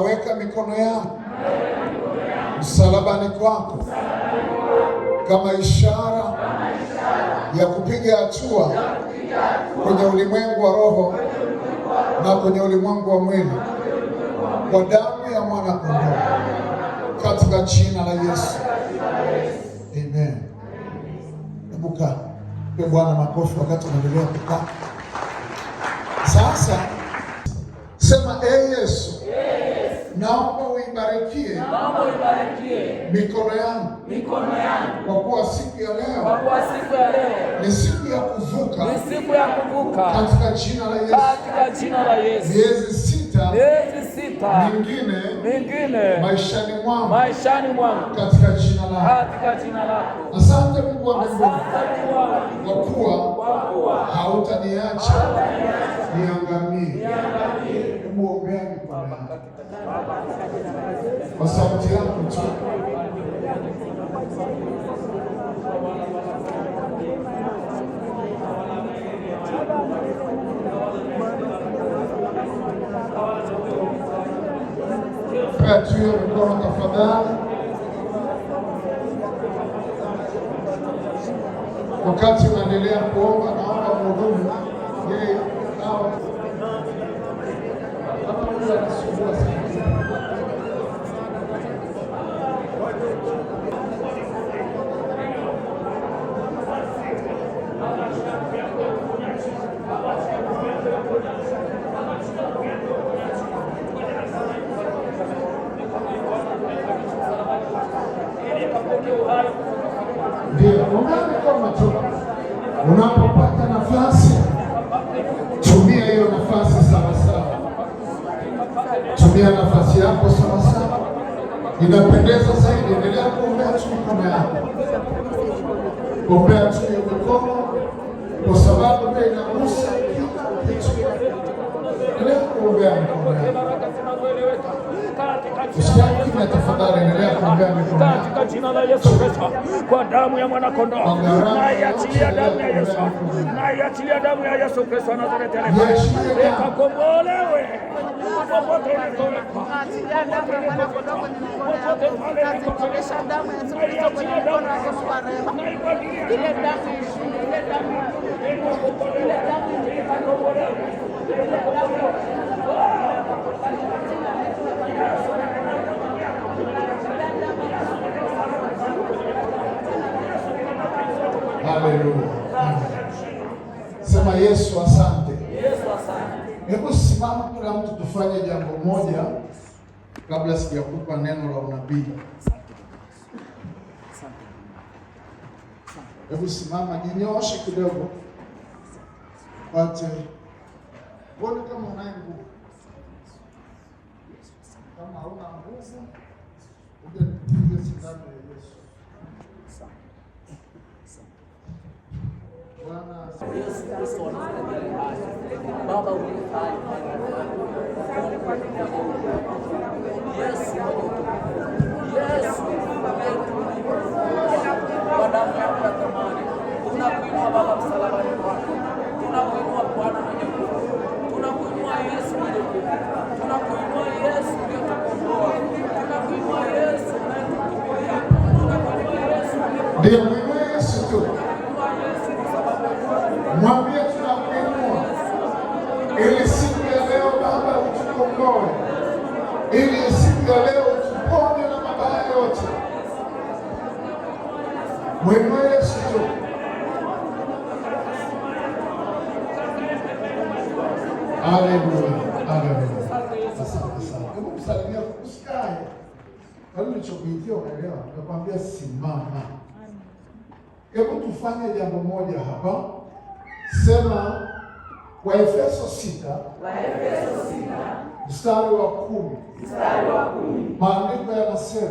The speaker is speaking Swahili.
Naweka mikono yangu msalabani kwako kama ishara ya kupiga hatua kwenye ulimwengu wa roho na kwenye ulimwengu wa mwili kwa damu ya mwana kondoo katika jina la Yesu. Amen. Ebuka Bwana makofi wakati unaendelea kukaa sasa. Ubarikie mikono yangu, mikono yangu, kwa kuwa siku ya leo, kwa kuwa siku ya leo ni siku ya kuvuka, ni siku ya kuvuka katika jina la Yesu, katika jina la Yesu. Miezi sita, miezi sita mingine, mingine maishani mwangu, maishani mwangu, katika jina lako, katika jina lako. Asante Mungu wa mbinguni, kwa kuwa hautaniacha niangamie kwa sauti yako tu tuyo mkono tafadhali. Wakati unaendelea kuomba, naomba mhudumu yeye Ndio, unawe kama chuma unapopata nafasi tumia nafasi yako sana sana, inapendeza zaidi. Endelea kuombea tu mikono yako, kuombea tu hiyo mikono, kwa sababu pia inagusa kila kitu. Endelea kuombea mikono yako. Ushaikila tafadhali endelea kuombea mikono katika jina la Yesu Kristo, kwa damu ya mwana kondoo, naiachilia damu ya Yesu, naiachilia damu ya Yesu Kristo Nazareti, ikakombolewe popote unakowekwa, naiachilia damu Haleluya. Sema Yesu asante. Yesu asante. Hebu simama kila mtu tufanye jambo moja kabla sijakupa neno la unabii. Hebu simama, jinyooshe kidogo, pate Bona kama unaye nguvu. Kama hauna nguvu, uje nipige sindano. Ndio. Ndio leo uponye na mabaya yote. Mwenye Yesu tu. Haleluya. Haleluya. Asante sana. Hebu msalimia usikae. Kama nilichokuitia unaelewa, nakwambia simama. Hebu tufanye jambo moja hapa. Sema Waefeso sita. Waefeso sita. Mstari wa kumi. Mstari Maandiko yanasema.